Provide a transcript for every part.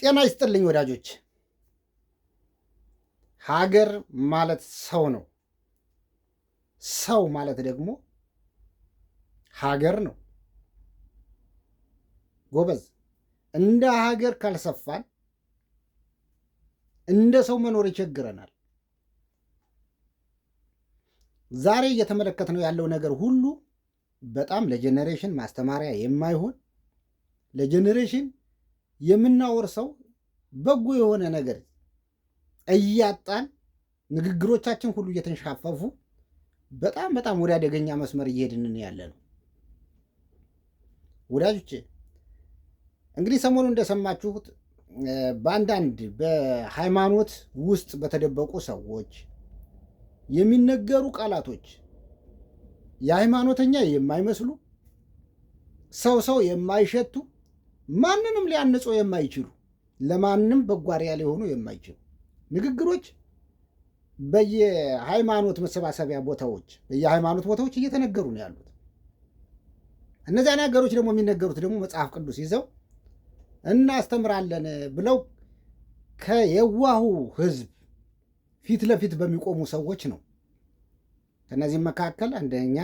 ጤና ይስጥልኝ ወዳጆች። ሀገር ማለት ሰው ነው። ሰው ማለት ደግሞ ሀገር ነው። ጎበዝ፣ እንደ ሀገር ካልሰፋን እንደ ሰው መኖር ይቸግረናል። ዛሬ እየተመለከትነው ያለው ነገር ሁሉ በጣም ለጀኔሬሽን ማስተማሪያ የማይሆን ለጄኔሬሽን የምናወርሰው በጎ የሆነ ነገር እያጣን ንግግሮቻችን ሁሉ እየተንሻፈፉ በጣም በጣም ወደ አደገኛ መስመር እየሄድንን ያለ ነው። ወዳጆች እንግዲህ ሰሞኑ እንደሰማችሁት በአንዳንድ በሃይማኖት ውስጥ በተደበቁ ሰዎች የሚነገሩ ቃላቶች የሃይማኖተኛ የማይመስሉ ሰው ሰው የማይሸቱ ማንንም ሊያነጹ የማይችሉ ለማንም በጓሪያ ሊሆኑ የማይችሉ ንግግሮች በየሃይማኖት መሰባሰቢያ ቦታዎች በየሃይማኖት ቦታዎች እየተነገሩ ነው ያሉት። እነዚያ ነገሮች ደግሞ የሚነገሩት ደግሞ መጽሐፍ ቅዱስ ይዘው እናስተምራለን ብለው ከየዋሁ ህዝብ ፊት ለፊት በሚቆሙ ሰዎች ነው። ከእነዚህም መካከል አንደኛ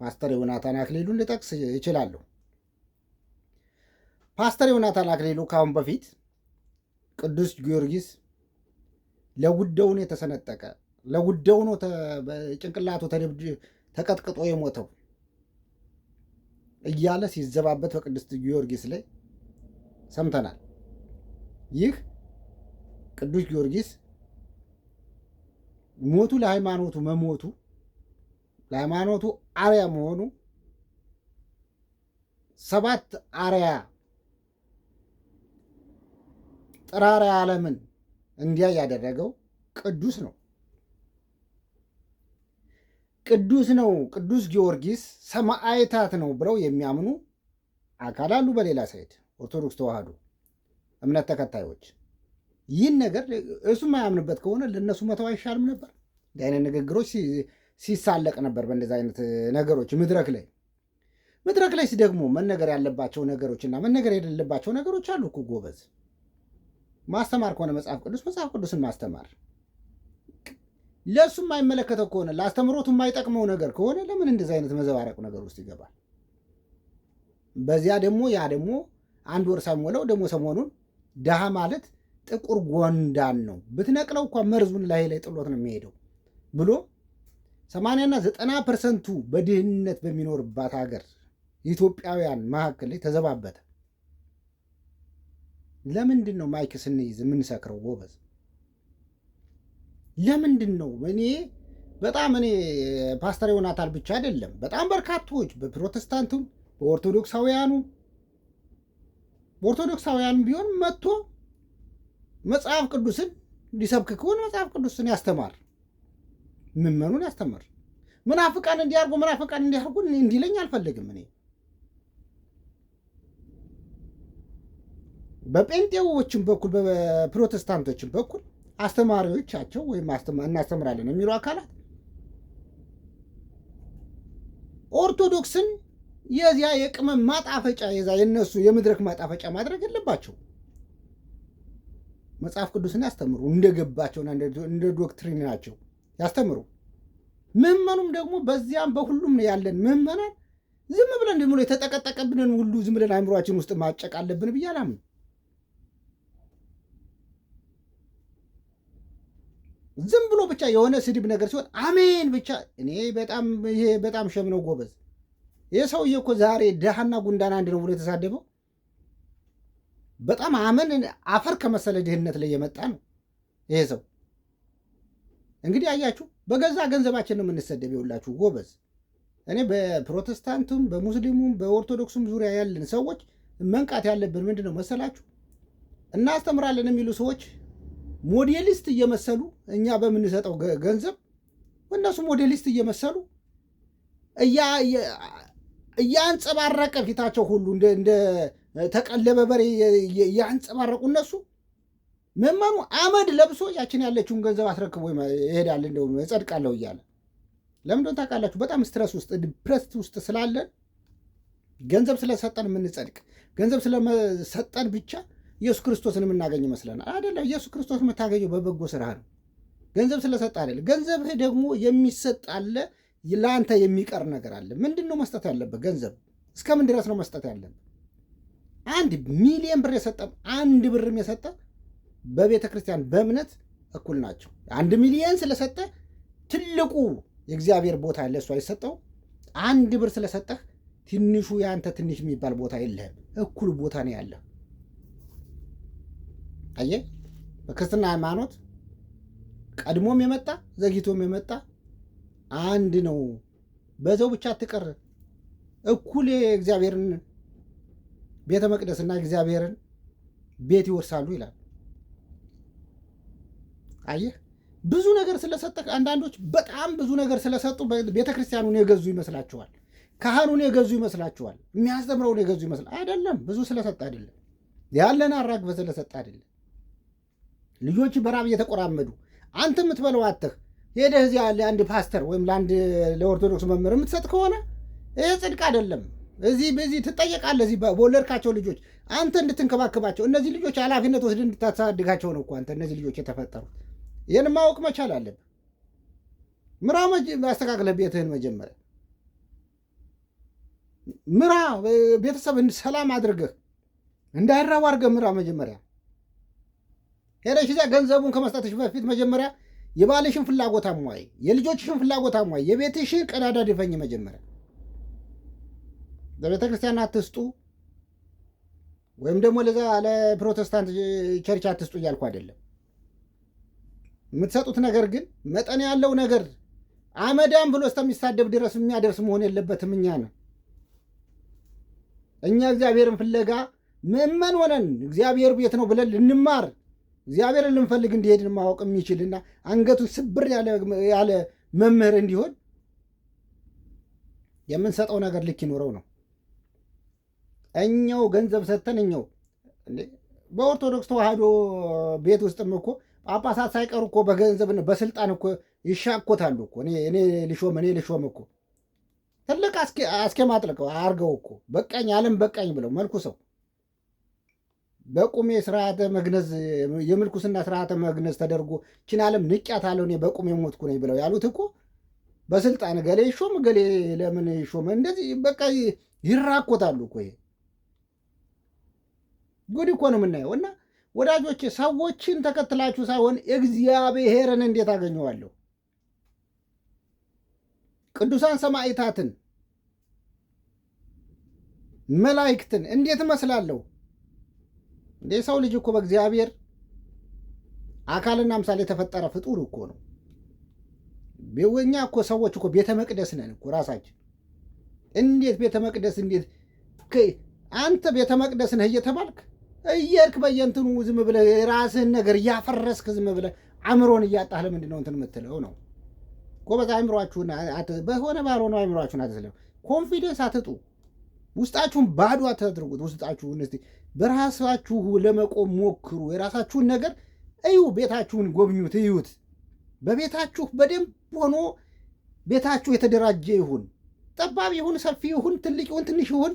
ፓስተር ዮናታን አክሊሉን ልጠቅስ እችላለሁ። ፓስተር ዮናታን አክሊሉ ካሁን በፊት ቅዱስ ጊዮርጊስ ለጉዳዩ ነው የተሰነጠቀ፣ ለጉዳዩ ነው ጭንቅላቱ ተቀጥቅጦ የሞተው እያለ ሲዘባበት በቅዱስ ጊዮርጊስ ላይ ሰምተናል። ይህ ቅዱስ ጊዮርጊስ ሞቱ ለሃይማኖቱ መሞቱ ለሃይማኖቱ አርያ መሆኑ ሰባት አርያ ጠራራ ዓለምን እንዲያ ያደረገው ቅዱስ ነው። ቅዱስ ነው። ቅዱስ ጊዮርጊስ ሰማዕታት ነው ብለው የሚያምኑ አካል አሉ። በሌላ ሳይድ ኦርቶዶክስ ተዋህዶ እምነት ተከታዮች ይህን ነገር እሱ የማያምንበት ከሆነ ለእነሱ መተው አይሻልም ነበር? እንዲህ አይነት ንግግሮች ሲሳለቅ ነበር። በእንደዚህ አይነት ነገሮች መድረክ ላይ መድረክ ላይ ደግሞ መነገር ያለባቸው ነገሮችና መነገር የሌለባቸው ነገሮች አሉ እኮ ጎበዝ። ማስተማር ከሆነ መጽሐፍ ቅዱስ መጽሐፍ ቅዱስን ማስተማር ለእሱ የማይመለከተው ከሆነ ለአስተምሮቱ የማይጠቅመው ነገር ከሆነ ለምን እንደዚህ አይነት መዘባረቅ ነገር ውስጥ ይገባል? በዚያ ደግሞ ያ ደግሞ አንድ ወር ሳይሞላው ደግሞ ሰሞኑን ድሃ ማለት ጥቁር ጎንዳን ነው ብትነቅለው እንኳ መርዙን ላይ ላይ ጥሎት ነው የሚሄደው ብሎ ሰማንያና ዘጠና ፐርሰንቱ በድህነት በሚኖርባት ሀገር ኢትዮጵያውያን መካከል ላይ ተዘባበተ። ለምንድን ነው ማይክ ስንይዝ የምንሰክረው? ጎበዝ ለምንድን ነው? እኔ በጣም እኔ ፓስተር ዮናታን ብቻ አይደለም፣ በጣም በርካቶች በፕሮቴስታንቱም በኦርቶዶክሳውያኑ በኦርቶዶክሳውያኑ ቢሆን መጥቶ መጽሐፍ ቅዱስን ሊሰብክ ከሆነ መጽሐፍ ቅዱስን ያስተማር፣ ምመኑን ያስተማር። ምናፍቃን እንዲያርጉ ምናፍቃን እንዲያርጉ እንዲለኝ አልፈልግም እኔ በጴንጤዎችም በኩል በፕሮቴስታንቶችም በኩል አስተማሪዎቻቸው ወይም እናስተምራለን የሚሉ አካላት ኦርቶዶክስን የዚያ የቅመም ማጣፈጫ የዛ የነሱ የመድረክ ማጣፈጫ ማድረግ የለባቸው። መጽሐፍ ቅዱስን ያስተምሩ እንደገባቸውና እንደ ዶክትሪን ናቸው ያስተምሩ። ምዕመኑም ደግሞ በዚያም በሁሉም ያለን ምዕመናን ዝም ብለን ደግሞ የተጠቀጠቀብንን ሁሉ ዝም ብለን አይምሯችን ውስጥ ማጨቅ አለብን ብዬ አላምንም። ዝም ብሎ ብቻ የሆነ ስድብ ነገር ሲሆን አሜን ብቻ። እኔ በጣም ይሄ በጣም ሸም ነው ጎበዝ። ይህ ሰውዬ እኮ ዛሬ ድሃና ጉንዳን አንድ ነው ብሎ የተሳደበው በጣም አመን አፈር ከመሰለ ድህነት ላይ የመጣ ነው ይሄ ሰው። እንግዲህ አያችሁ፣ በገዛ ገንዘባችን ነው የምንሰደብ። የሁላችሁ ጎበዝ። እኔ በፕሮቴስታንቱም በሙስሊሙም በኦርቶዶክሱም ዙሪያ ያለን ሰዎች መንቃት ያለብን ምንድን ነው መሰላችሁ? እናስተምራለን የሚሉ ሰዎች ሞዴሊስት እየመሰሉ እኛ በምንሰጠው ገንዘብ እነሱ ሞዴሊስት እየመሰሉ እያንጸባረቀ ፊታቸው ሁሉ እንደ ተቀለበ በሬ እያንጸባረቁ እነሱ መመኑ አመድ ለብሶ ያችን ያለችውን ገንዘብ አስረክቦ ይሄዳል። እንደው እጸድቃለሁ እያለ ለምንድን ታውቃላችሁ? በጣም ስትረስ ውስጥ ዲፕረስድ ውስጥ ስላለን ገንዘብ ስለሰጠን የምንጸድቅ ገንዘብ ስለሰጠን ብቻ ኢየሱስ ክርስቶስን የምናገኝ ይመስለናል። አይደለም። ኢየሱስ ክርስቶስ የምታገኘው በበጎ ስራ ነው። ገንዘብ ስለሰጥ አይደለም። ገንዘብህ ደግሞ የሚሰጥ አለ፣ ለአንተ የሚቀር ነገር አለ። ምንድን ነው መስጠት ያለበት? ገንዘብ እስከምን ድረስ ነው መስጠት ያለበት? አንድ ሚሊየን ብር የሰጠም አንድ ብርም የሰጠ በቤተ ክርስቲያን በእምነት እኩል ናቸው። አንድ ሚሊየን ስለሰጠ ትልቁ የእግዚአብሔር ቦታ ያለ እሱ አይሰጠው። አንድ ብር ስለሰጠህ ትንሹ የአንተ ትንሽ የሚባል ቦታ የለህም። እኩል ቦታ ነው ያለህ። አየ በክርስትና ሃይማኖት ቀድሞም የመጣ ዘግይቶም የመጣ አንድ ነው። በዘው ብቻ ትቀር እኩል እግዚአብሔርን ቤተ መቅደስና እግዚአብሔርን ቤት ይወርሳሉ ይላል። አየህ ብዙ ነገር ስለሰጠ አንዳንዶች በጣም ብዙ ነገር ስለሰጡ ቤተ ክርስቲያኑን የገዙ ይመስላችኋል። ካህኑን የገዙ ይመስላችኋል። የሚያስተምረውን የገዙ ይመስላል። አይደለም። ብዙ ስለሰጠ አይደለም። ያለን አራግበ ስለሰጠ አይደለም። ልጆች በራብ እየተቆራመዱ አንተ የምትበለው አተህ ሄደህ እዚያ ለአንድ ፓስተር ወይም ለአንድ ለኦርቶዶክስ መምህር የምትሰጥ ከሆነ ይህ ጽድቅ አይደለም። እዚህ በዚህ ትጠየቃለህ። እዚህ በወለድካቸው ልጆች አንተ እንድትንከባከባቸው እነዚህ ልጆች ኃላፊነት ወስድ እንድታሳድጋቸው ነው እኮ አንተ እነዚህ ልጆች የተፈጠሩት። ይህን ማወቅ መቻል አለብህ። ምራ አስተካክለህ ቤትህን መጀመሪያ ምራ፣ ቤተሰብህን ሰላም አድርገህ እንዳይራቡ አድርገህ ምራ መጀመሪያ። ሄደሽ እዚያ ገንዘቡን ከመስጠትሽ በፊት መጀመሪያ የባልሽን ፍላጎት አሟይ፣ የልጆችሽን ፍላጎት አሟይ፣ የቤትሽን ቀዳዳ ድፈኝ። መጀመሪያ ለቤተ ክርስቲያን አትስጡ፣ ወይም ደግሞ ለዛ ለፕሮቴስታንት ቸርች አትስጡ እያልኩ አይደለም። የምትሰጡት ነገር ግን መጠን ያለው ነገር አመዳም ብሎ እስከሚሳደብ ድረስ የሚያደርስ መሆን የለበትም። እኛ ነው እኛ እግዚአብሔርን ፍለጋ ምእመን ሆነን እግዚአብሔር ቤት ነው ብለን ልንማር እግዚአብሔርን ልንፈልግ እንዲሄድን ማወቅ የሚችልና አንገቱ ስብር ያለ መምህር እንዲሆን የምንሰጠው ነገር ልክ ይኖረው ነው። እኛው ገንዘብ ሰጥተን እኛው በኦርቶዶክስ ተዋህዶ ቤት ውስጥም እኮ ጳጳሳት ሳይቀሩ እኮ በገንዘብ በስልጣን እኮ ይሻኮታሉ እኮ እኔ ልሾም እኔ ልሾም እኮ ትልቅ አስኬማ አጥልቀው አርገው እኮ በቃኝ አለም በቃኝ ብለው መልኩ ሰው በቁሜ ስርዓተ መግነዝ የምልኩስና ስርዓተ መግነዝ ተደርጎ ችን ዓለም ንቅያት አለው እኔ በቁሜ ሞትኩ ነኝ ብለው ያሉት እኮ በስልጣን ገሌ ይሾም ገሌ ለምን ይሾም እንደዚህ በቃ ይራኮታሉ እኮ። ይሄ ጉድ እኮ ነው የምናየው። እና ወዳጆች ሰዎችን ተከትላችሁ ሳይሆን እግዚአብሔርን እንዴት አገኘዋለሁ ቅዱሳን ሰማዕታትን መላእክትን እንዴት እመስላለሁ እንደ ሰው ልጅ እኮ በእግዚአብሔር አካልና ምሳሌ የተፈጠረ ፍጡር እኮ ነው። እኛ እኮ ሰዎች እኮ ቤተ መቅደስ ነን እኮ ራሳችን። እንዴት ቤተ መቅደስ እንዴት አንተ ቤተ መቅደስ ነህ እየተባልክ እየርክ በየንትኑ ዝም ብለ የራስህን ነገር እያፈረስክ ዝም ብለ አእምሮን እያጣህ ለምንድን ነው እንትን የምትለው ነው እኮ። በዛ አእምሯችሁን በሆነ ባልሆነ አእምሯችሁን አትስለም። ኮንፊደንስ አትጡ። ውስጣችሁን ባዶ አታድርጉት። ውስጣችሁን እስኪ በራሳችሁ ለመቆም ሞክሩ። የራሳችሁን ነገር እዩ። ቤታችሁን ጎብኙት፣ እዩት። በቤታችሁ በደንብ ሆኖ ቤታችሁ የተደራጀ ይሁን። ጠባብ ይሁን፣ ሰፊ ይሁን፣ ትልቅ ይሁን፣ ትንሽ ይሁን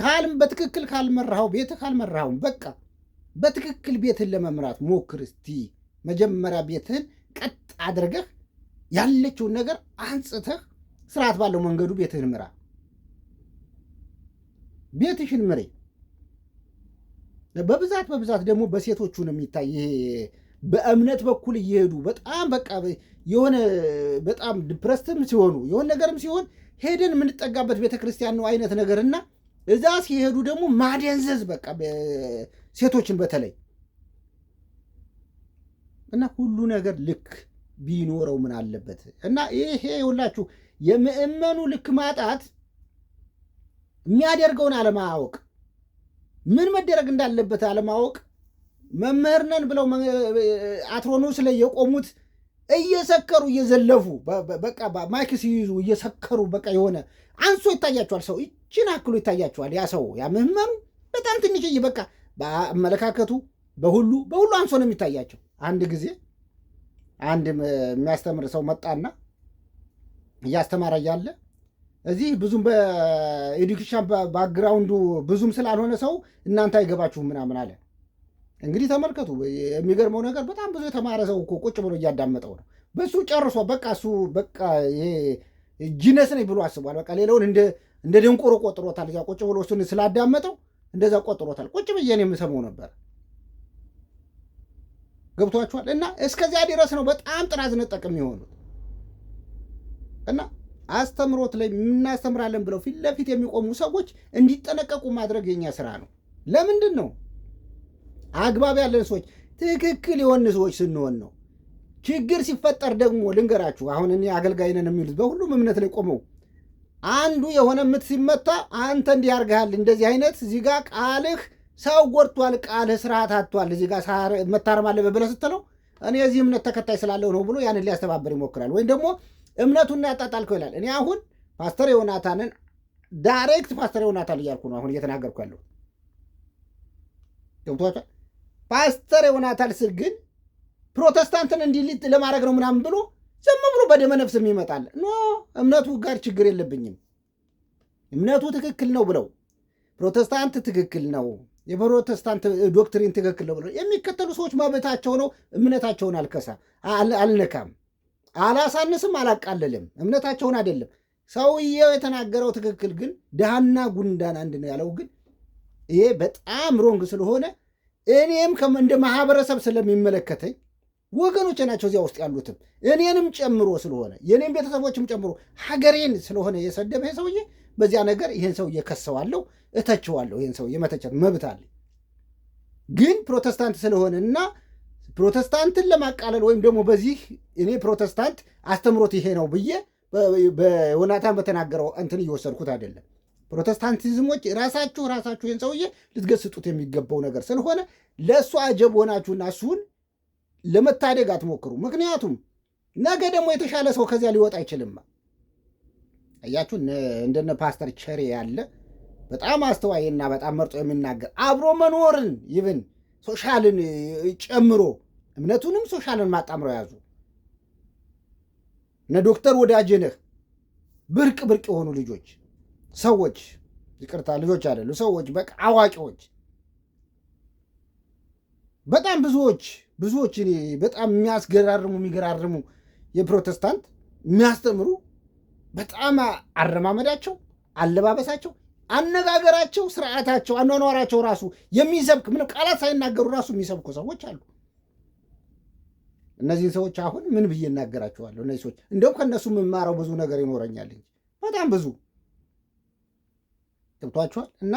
ካልም በትክክል ካልመራኸው ቤት ካልመራኸውም በቃ በትክክል ቤትን ለመምራት ሞክር። እስቲ መጀመሪያ ቤትህን ቀጥ አድርገህ ያለችውን ነገር አንጽተህ ስርዓት ባለው መንገዱ ቤትህን ምራ። ቤትሽን ምሬ በብዛት በብዛት ደግሞ በሴቶቹ ነው የሚታይ ይሄ በእምነት በኩል እየሄዱ በጣም በቃ የሆነ በጣም ዲፕረስትም ሲሆኑ የሆነ ነገርም ሲሆን ሄደን የምንጠጋበት ቤተክርስቲያን ነው አይነት ነገርና እዛ ሲሄዱ ደግሞ ማደንዘዝ በቃ ሴቶችን በተለይ እና ሁሉ ነገር ልክ ቢኖረው ምን አለበት እና ይሄ ሁላችሁ የምእመኑ ልክ ማጣት የሚያደርገውን አለማወቅ ምን መደረግ እንዳለበት አለማወቅ መምህር ነን ብለው አትሮኖስ ላይ የቆሙት እየሰከሩ እየዘለፉ በቃ ማይክ ሲይዙ እየሰከሩ በቃ የሆነ አንሶ ይታያቸዋል። ሰው እጅን አክሎ ይታያቸዋል። ያ ሰው ያ ምህመኑ በጣም ትንሽዬ በቃ በአመለካከቱ በሁሉ በሁሉ አንሶ ነው የሚታያቸው። አንድ ጊዜ አንድ የሚያስተምር ሰው መጣና እያስተማረ እያለ እዚህ ብዙም በኤዱኬሽን ባክግራውንዱ ብዙም ስላልሆነ ሰው እናንተ አይገባችሁም ምናምን አለ። እንግዲህ ተመልከቱ። የሚገርመው ነገር በጣም ብዙ የተማረ ሰው እኮ ቁጭ ብሎ እያዳመጠው ነው። በሱ ጨርሶ በቃ እሱ በቃ ጂነስ ነኝ ብሎ አስቧል። በቃ ሌላውን እንደ ደንቆሮ ቆጥሮታል። እዛ ቁጭ ብሎ እሱን ስላዳመጠው እንደዛ ቆጥሮታል። ቁጭ ብዬ እኔ የምሰማው ነበር። ገብቷችኋል? እና እስከዚያ ድረስ ነው በጣም ጥራዝ ነጠቅ የሚሆኑት እና አስተምሮት ላይ እናስተምራለን ብለው ፊት ለፊት የሚቆሙ ሰዎች እንዲጠነቀቁ ማድረግ የኛ ስራ ነው። ለምንድን ነው አግባብ ያለን ሰዎች ትክክል የሆን ሰዎች ስንሆን ነው። ችግር ሲፈጠር ደግሞ ልንገራችሁ፣ አሁን እኔ አገልጋይ ነን የሚሉት በሁሉም እምነት ላይ ቆመው አንዱ የሆነ ምት ሲመታ አንተ እንዲህ ያርግሃል እንደዚህ አይነት እዚህ ቃልህ ሰው ጎድቷል፣ ቃልህ ስርዓት አጥቷል፣ እዚህ ጋ መታረም አለበት ብለህ ስትለው እኔ የዚህ እምነት ተከታይ ስላለው ነው ብሎ ያንን ሊያስተባበር ይሞክራል ወይም ደግሞ እምነቱን ያጣጣልከው ይላል። እኔ አሁን ፓስተር ዮናታንን ዳይሬክት ፓስተር ዮናታን እያልኩ ነው አሁን እየተናገርኩ ያለው ገብቷቸል። ፓስተር ዮናታን ስል ግን ፕሮቴስታንትን እንዲሊጥ ለማድረግ ነው ምናምን ብሎ ዝም ብሎ በደመ ነፍስ የሚመጣል ኖ እምነቱ ጋር ችግር የለብኝም። እምነቱ ትክክል ነው ብለው ፕሮቴስታንት ትክክል ነው የፕሮቴስታንት ዶክትሪን ትክክል ነው ብለው የሚከተሉ ሰዎች መብታቸው ነው። እምነታቸውን አልከሳ አልነካም። አላሳንስም፣ አላቃለልም። እምነታቸውን አይደለም ሰውየው የተናገረው ትክክል ግን ድሃና ጉንዳን አንድ ነው ያለው ግን ይሄ በጣም ሮንግ ስለሆነ እኔም እንደ ማህበረሰብ ስለሚመለከተኝ ወገኖች ናቸው እዚያ ውስጥ ያሉትም እኔንም ጨምሮ ስለሆነ የእኔም ቤተሰቦችም ጨምሮ ሀገሬን ስለሆነ የሰደበ ይሄ ሰውዬ በዚያ ነገር ይህን ሰው ከሰዋለሁ፣ እተችዋለሁ። ይህን ሰው መተቸት መብት አለ። ግን ፕሮቴስታንት ስለሆነ እና ፕሮቴስታንትን ለማቃለል ወይም ደግሞ በዚህ እኔ ፕሮቴስታንት አስተምሮት ይሄ ነው ብዬ በዮናታን በተናገረው እንትን እየወሰድኩት አይደለም። ፕሮቴስታንቲዝሞች ራሳችሁ ራሳችሁ ይህን ሰውዬ ልትገስጡት የሚገባው ነገር ስለሆነ ለእሱ አጀብ ሆናችሁና እሱን ለመታደግ አትሞክሩ። ምክንያቱም ነገ ደግሞ የተሻለ ሰው ከዚያ ሊወጣ አይችልም። እያችሁ እንደነ ፓስተር ቸሬ ያለ በጣም አስተዋይና በጣም መርጦ የሚናገር አብሮ መኖርን ይብን ሶሻልን ጨምሮ እምነቱንም ሶሻልን ማጣምረው ያዙ። እነ ዶክተር ወዳጄነህ ብርቅ ብርቅ የሆኑ ልጆች ሰዎች፣ ይቅርታ ልጆች አይደሉ ሰዎች፣ በቃ አዋቂዎች፣ በጣም ብዙዎች ብዙዎች እኔ በጣም የሚያስገራርሙ የሚገራርሙ የፕሮቴስታንት የሚያስተምሩ በጣም አረማመዳቸው፣ አለባበሳቸው፣ አነጋገራቸው፣ ስርዓታቸው፣ አኗኗራቸው ራሱ የሚሰብክ ምንም ቃላት ሳይናገሩ ራሱ የሚሰብኩ ሰዎች አሉ። እነዚህን ሰዎች አሁን ምን ብዬ እናገራቸዋለሁ? እነዚህ ሰዎች እንደውም ከእነሱ የምማረው ብዙ ነገር ይኖረኛል እንጂ በጣም ብዙ ገብቷቸዋል። እና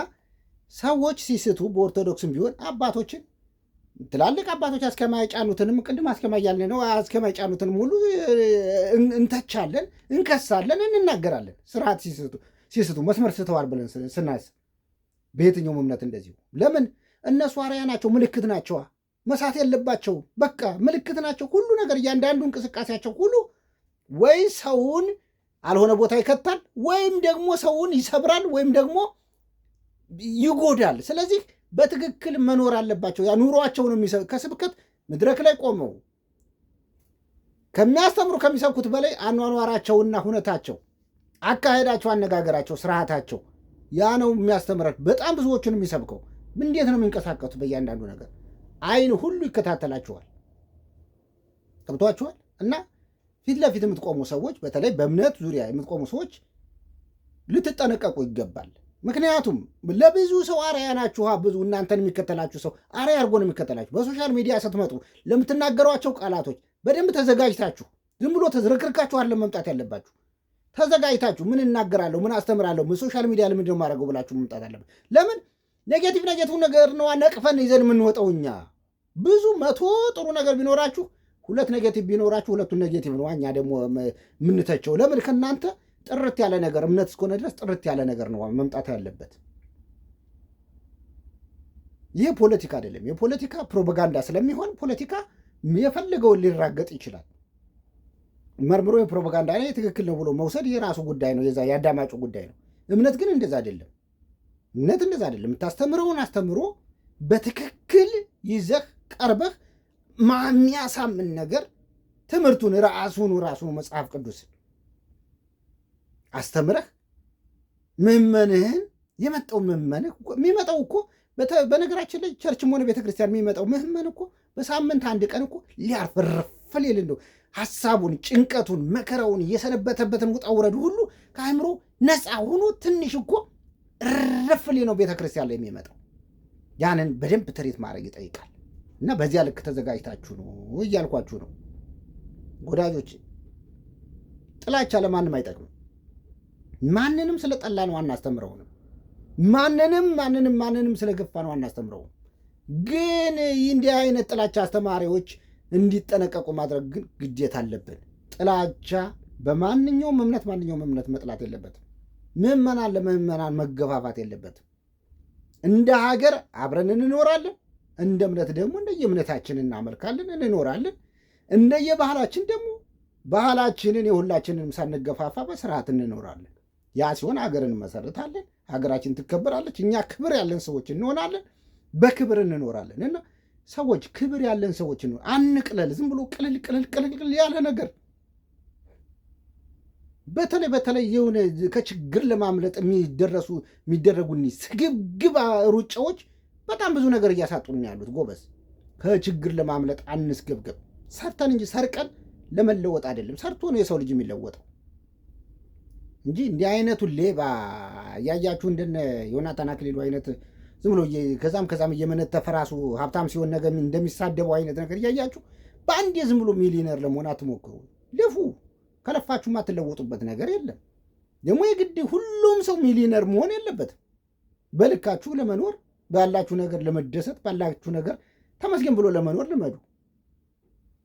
ሰዎች ሲስቱ በኦርቶዶክስም ቢሆን አባቶችን ትላልቅ አባቶች አስከማይጫኑትንም ቅድም አስከማያልን ነው አስከማይጫኑትንም ሁሉ እንተቻለን፣ እንከሳለን፣ እንናገራለን። ስርዓት ሲስቱ መስመር ስተዋል ብለን ስናስ በየትኛውም እምነት እንደዚሁ። ለምን እነሱ አርያ ናቸው፣ ምልክት ናቸዋ። መሳት የለባቸውም። በቃ ምልክት ናቸው ሁሉ ነገር፣ እያንዳንዱ እንቅስቃሴያቸው ሁሉ ወይ ሰውን አልሆነ ቦታ ይከታል፣ ወይም ደግሞ ሰውን ይሰብራል፣ ወይም ደግሞ ይጎዳል። ስለዚህ በትክክል መኖር አለባቸው። ያ ኑሯቸውን ከስብከት መድረክ ላይ ቆመው ከሚያስተምሩ ከሚሰብኩት በላይ አኗኗራቸውና ሁነታቸው፣ አካሄዳቸው፣ አነጋገራቸው፣ ስርዓታቸው ያ ነው የሚያስተምራቸው። በጣም ብዙዎቹን የሚሰብከው እንዴት ነው የሚንቀሳቀሱት በእያንዳንዱ ነገር አይን ሁሉ ይከታተላችኋል። ገብቷችኋል? እና ፊት ለፊት የምትቆሙ ሰዎች፣ በተለይ በእምነት ዙሪያ የምትቆሙ ሰዎች ልትጠነቀቁ ይገባል። ምክንያቱም ለብዙ ሰው አርያ ናችሁ። ብዙ እናንተን የሚከተላችሁ ሰው አርያ አድርጎ ነው የሚከተላችሁ። በሶሻል ሚዲያ ስትመጡ ለምትናገሯቸው ቃላቶች በደንብ ተዘጋጅታችሁ፣ ዝም ብሎ ተዝረክርካችሁ መምጣት ያለባችሁ። ተዘጋጅታችሁ ምን እናገራለሁ፣ ምን አስተምራለሁ፣ ሶሻል ሚዲያ ለምንድን ነው የማደርገው ብላችሁ መምጣት አለበት። ለምን ኔጌቲቭ ኔጌቲቭ ነገር ነዋ ነቅፈን ይዘን የምንወጣው እኛ። ብዙ መቶ ጥሩ ነገር ቢኖራችሁ ሁለት ኔጌቲቭ ቢኖራችሁ ሁለቱን ኔጌቲቭ ነው እኛ ደግሞ የምንተቸው። ለምን ከእናንተ ጥርት ያለ ነገር እምነት እስከሆነ ድረስ ጥርት ያለ ነገር ነው መምጣት ያለበት። ይህ ፖለቲካ አይደለም። የፖለቲካ ፕሮፓጋንዳ ስለሚሆን ፖለቲካ የፈለገውን ሊራገጥ ይችላል። መርምሮ የፕሮፓጋንዳ ትክክል ነው ብሎ መውሰድ የራሱ ጉዳይ ነው፣ የዛ የአዳማጩ ጉዳይ ነው። እምነት ግን እንደዛ አይደለም። እምነት እንደዛ አይደለም። የምታስተምረውን አስተምሮ በትክክል ይዘህ ቀርበህ ማሚያሳምን ነገር ትምህርቱን ራሱን ራሱ መጽሐፍ ቅዱስ አስተምረህ ምዕመንህን የመጣው ምዕመንህ የሚመጣው እኮ በነገራችን ላይ ቸርችም ሆነ ቤተክርስቲያን የሚመጣው ምዕመን እኮ በሳምንት አንድ ቀን እኮ ሊያርፍርፍ የል እንደው ሀሳቡን፣ ጭንቀቱን፣ መከራውን እየሰነበተበትን ውጣ ውረድ ሁሉ ከአእምሮ ነፃ ሆኖ ትንሽ እኮ እረፍሌ ነው ቤተ ክርስቲያን ላይ የሚመጣው። ያንን በደንብ ትሪት ማድረግ ይጠይቃል እና በዚያ ልክ ተዘጋጅታችሁ ነው እያልኳችሁ ነው ወዳጆች። ጥላቻ ለማንም አይጠቅምም። ማንንም ስለጠላ ነው አናስተምረውንም። ማንንም ማንንም ማንንም ስለገፋ ነው አናስተምረውም። ግን እንዲህ አይነት ጥላቻ አስተማሪዎች እንዲጠነቀቁ ማድረግ ግን ግዴታ አለብን። ጥላቻ በማንኛውም እምነት ማንኛውም እምነት መጥላት የለበትም። ምዕመናን ለምዕመናን መገፋፋት የለበትም። እንደ ሀገር አብረን እንኖራለን። እንደ እምነት ደግሞ እንደየ እናመልካለን፣ እንኖራለን። እንደየባህላችን ደግሞ ባህላችንን የሁላችንንም ሳንገፋፋ በስርዓት እንኖራለን። ያ ሲሆን ሀገር እንመሰርታለን፣ ሀገራችን ትከበራለች፣ እኛ ክብር ያለን ሰዎች እንሆናለን፣ በክብር እንኖራለን እና ሰዎች ክብር ያለን ሰዎች አንቅለል። ዝም ብሎ ቅልል ቅልል ቅልል ያለ ነገር በተለይ በተለይ የሆነ ከችግር ለማምለጥ የሚደረሱ የሚደረጉኒ ስግብግብ ሩጫዎች በጣም ብዙ ነገር እያሳጡን ያሉት ጎበዝ። ከችግር ለማምለጥ አንስገብገብ። ሰርተን እንጂ ሰርቀን ለመለወጥ አይደለም። ሰርቶ ነው የሰው ልጅ የሚለወጠው እንጂ እንዲህ አይነቱ ሌባ ያያችሁ እንደነ ዮናታን አክሊሉ አይነት ዝም ብሎ ከዛም ከዛም እየመነተፈ ራሱ ሀብታም ሲሆን ነገ እንደሚሳደበው አይነት ነገር እያያችሁ በአንዴ ዝም ብሎ ሚሊነር ለመሆን አትሞክሩ። ልፉ ከለፋችሁ የማትለወጡበት ነገር የለም። ደግሞ የግድ ሁሉም ሰው ሚሊነር መሆን የለበትም። በልካችሁ ለመኖር ባላችሁ ነገር ለመደሰት ባላችሁ ነገር ተመስገን ብሎ ለመኖር ልመዱ።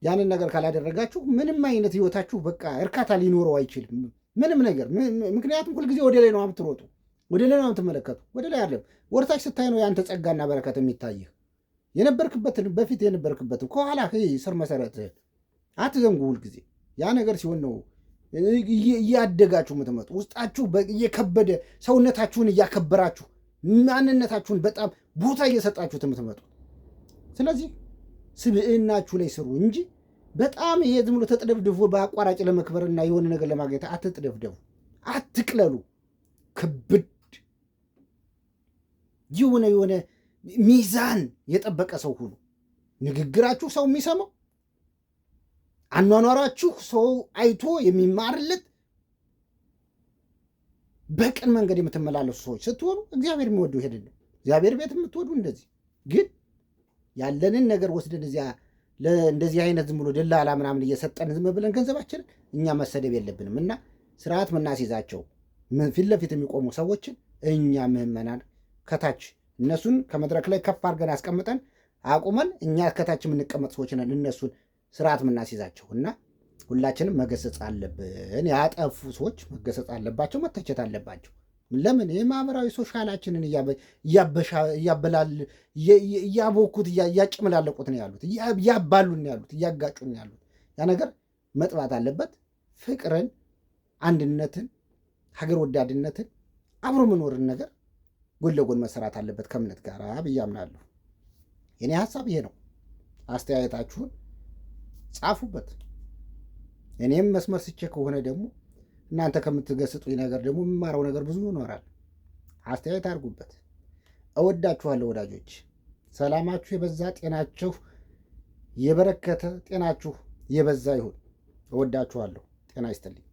ያንን ነገር ካላደረጋችሁ ምንም አይነት ህይወታችሁ በቃ እርካታ ሊኖረው አይችልም። ምንም ነገር ምክንያቱም ሁልጊዜ ወደ ላይ ነው የምትሮጡ፣ ወደ ላይ ነው የምትመለከቱ። ወደ ላይ አለም ወደታች ስታይ ነው ያንተ ጸጋና በረከት የሚታይህ። የነበርክበትን በፊት የነበርክበትን ከኋላ ስር መሰረት አትዘንጉ። ሁልጊዜ ያ ነገር ሲሆን ነው እያደጋችሁ የምትመጡ ውስጣችሁ እየከበደ ሰውነታችሁን እያከበራችሁ ማንነታችሁን በጣም ቦታ እየሰጣችሁት የምትመጡ ስለዚህ ስብዕናችሁ ላይ ስሩ እንጂ በጣም ይሄ ዝም ብሎ ተጥደብድቦ በአቋራጭ እና የሆነ ነገር ለማግኘት አትጥደብደቡ፣ አትቅለሉ። ክብድ የሆነ የሆነ ሚዛን የጠበቀ ሰው ሁኑ። ንግግራችሁ ሰው የሚሰማው አኗኗራችሁ ሰው አይቶ የሚማርለት በቅን መንገድ የምትመላለሱ ሰዎች ስትሆኑ እግዚአብሔር የሚወደው ይሄድ እግዚአብሔር ቤት የምትወዱ እንደዚህ ግን ያለንን ነገር ወስደን እዚያ እንደዚህ አይነት ዝም ብሎ ደላላ ምናምን እየሰጠን ዝም ብለን ገንዘባችንን እኛ መሰደብ የለብንም እና ስርዓት ምናስይዛቸው ፊት ለፊት የሚቆሙ ሰዎችን እኛ ምዕመናን ከታች እነሱን ከመድረክ ላይ ከፍ አድርገን አስቀምጠን አቁመን እኛ ከታች የምንቀመጥ ሰዎች ነን እነሱን ስርዓት ምናስይዛቸው እና ሁላችንም መገሰጽ አለብን። ያጠፉ ሰዎች መገሰጽ አለባቸው፣ መተቸት አለባቸው። ለምን የማህበራዊ ሶሻላችንን እያቦኩት እያጭምላለቁት ነው ያሉት፣ እያባሉ ነው ያሉት፣ እያጋጩ ነው ያሉት። ያ ነገር መጥባት አለበት። ፍቅርን፣ አንድነትን፣ ሀገር ወዳድነትን፣ አብሮ መኖርን ነገር ጎን ለጎን መሰራት አለበት ከእምነት ጋር ብዬ አምናለሁ። የኔ ሀሳብ ይሄ ነው። አስተያየታችሁን ጻፉበት። እኔም መስመር ስቼ ከሆነ ደግሞ እናንተ ከምትገስጡኝ ነገር ደግሞ የምማረው ነገር ብዙ ይኖራል። አስተያየት አድርጉበት። እወዳችኋለሁ ወዳጆች። ሰላማችሁ የበዛ ጤናችሁ የበረከተ ጤናችሁ የበዛ ይሁን። እወዳችኋለሁ። ጤና ይስጥልኝ።